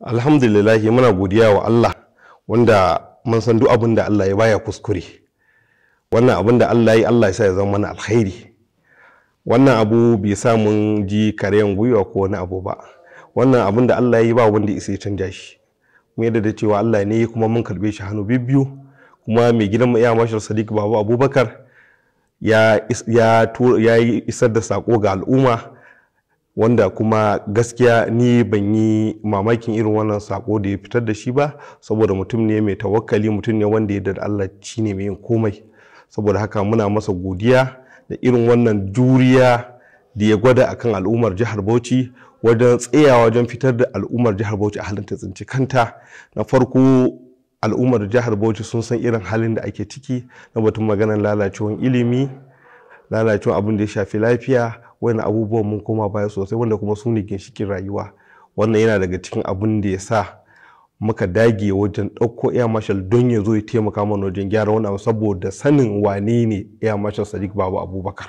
alhamdulillah muna godiya wa Allah wanda mun san duk abin da Allah ya baya kuskure wannan abin da Allah ya Allah ya sa ya zama mana alkhairi wannan abu bai sa mun ji karayan gwiwa ko wani abu ba wannan abin da Allah ya yi ba wanda isa ya canja shi mun yadda da cewa Allah ne kuma mun karbe shi hannu biyu kuma mai gidan mu iya mashar Sadiq Babu Abubakar ya ya ya isar da sako ga al'umma wanda kuma gaskiya ni ban yi mamakin irin wannan sako da ya fitar da shi ba saboda mutum ne mai tawakkali mutum ne wanda ya da Allah shi ne mai yin komai saboda haka muna masa godiya da irin wannan juriya da ya gwada akan al'ummar jihar Bauchi wajen tsayawa wajen fitar da al'ummar jihar Bauchi a halin ta tsinci kanta na farko al'ummar jihar Bauchi sun san irin halin da ake ciki na batun maganar lalacewan ilimi lalacewan abin da ya shafi lafiya wani abubuwan mun koma baya sosai wanda kuma su ne ginshikin rayuwa wannan yana daga cikin abin da ya sa muka dage wajen ɗauko air marshal don ya zo ya taimaka mana wajen gyara wani abu saboda sanin wane ne air marshal sadiq babu abubakar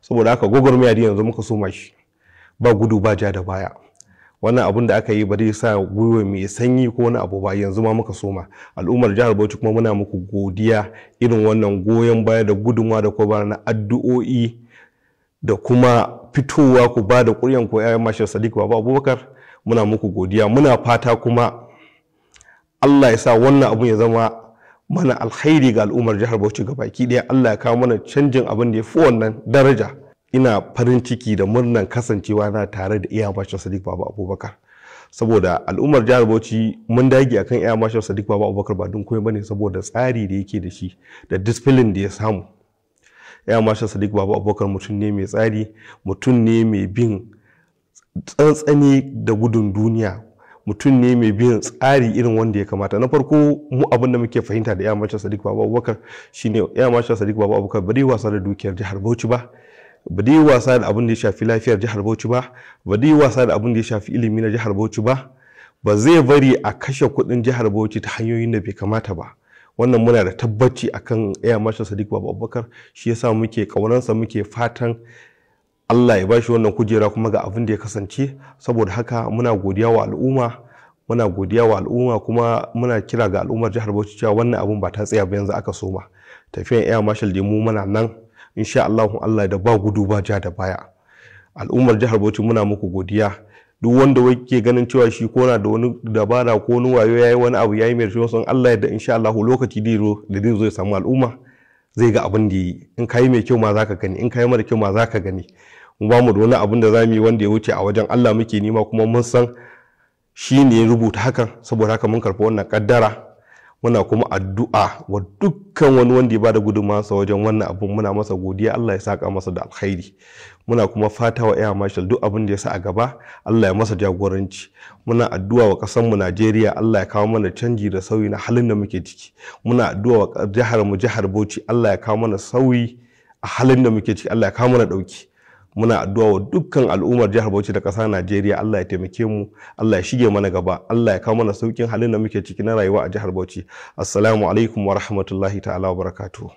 saboda haka gwagwarmaya da yanzu muka soma shi ba gudu ba ja da baya wannan abun da aka yi ba zai sa gwiwa mai sanyi ko wani abu ba yanzu ma muka soma al'ummar jihar bauchi kuma muna muku godiya irin wannan goyon baya da gudunmawa da kuma na addu'o'i da kuma fitowa ku ba da ƙuryan ku ‘ya'yan mashar sadiq baba abubakar muna muku godiya muna fata kuma allah ya sa wannan abun ya zama mana alkhairi ga al'ummar jihar bauchi ga baki ɗaya allah ya kawo mana canjin abin da ya fi wannan daraja ina farin ciki da murnan kasancewa na tare da iya mashar sadiq baba abubakar saboda al'ummar jihar bauchi mun dage akan iya mashar sadiq baba abubakar ba don komai bane saboda tsari da yake da shi da disfilin da ya samu ya masha sadiq babu abokar mutum ne mai tsari mutum ne mai bin tsantsani da gudun duniya mutum ne mai bin tsari irin wanda ya kamata na farko mu abin da muke fahimta da ya masha sadiq babu abubakar shine ya masha sadiq babu abubakar ba dai wasa da dukiyar jihar bauchi ba ba dai wasa da abin da ya shafi lafiyar jihar bauchi ba ba dai wasa da abin da ya shafi ilimi na jihar bauchi ba ba zai bari a kashe kudin jihar bauchi ta hanyoyin da bai kamata ba wannan muna da tabbaci akan air mashi sadiq babu abubakar shi yasa muke kaunansa muke fatan allah ya bashi wannan kujera kuma ga abin da ya kasance saboda haka muna godiya wa al'umma muna godiya wa al'umma kuma muna kira ga al'ummar jihar bauchi cewa wannan abin ba ta tsaya ba yanzu aka soma tafiyan air marshal da mu muna nan insha allah allah da ba gudu ba ja da baya al'ummar jihar bauchi muna muku godiya duk wanda wake ganin cewa shi ko na da wani dabara ko wani wayo yayi wani abu yayi mai rashin son Allah da insha Allah lokaci da zo da zai zo ya samu al'umma zai ga abin da yi in kai mai kyau ma zaka gani in kai mara kyau ma zaka gani mu ba mu da wani abin da za mu yi wanda ya wuce a wajen Allah muke nima kuma mun san shi ne ya rubuta hakan saboda haka mun karɓi wannan kaddara muna kuma addu'a wa dukkan wani wanda ya bada gudunmansa wajen wannan abin muna masa godiya Allah ya saka masa da alkhairi muna kuma fata wa Air mashal duk abin da ya sa a gaba Allah ya masa jagoranci muna addu'a wa ƙasar mu Najeriya Allah ya kawo mana canji da sauyi na halin da muke ciki muna addu'a wa jihar mu jihar Bauchi Allah ya kawo mana sauyi a halin da muke ciki Allah ya kawo mana ɗauki. muna addu'a wa dukkan al'ummar jihar Bauchi da ƙasa Najeriya Allah ya taimake mu Allah ya shige mana gaba Allah ya kawo mana saukin halin da muke ciki na rayuwa a jihar Bauchi assalamu alaikum wa rahmatullahi ta'ala wa barakatuh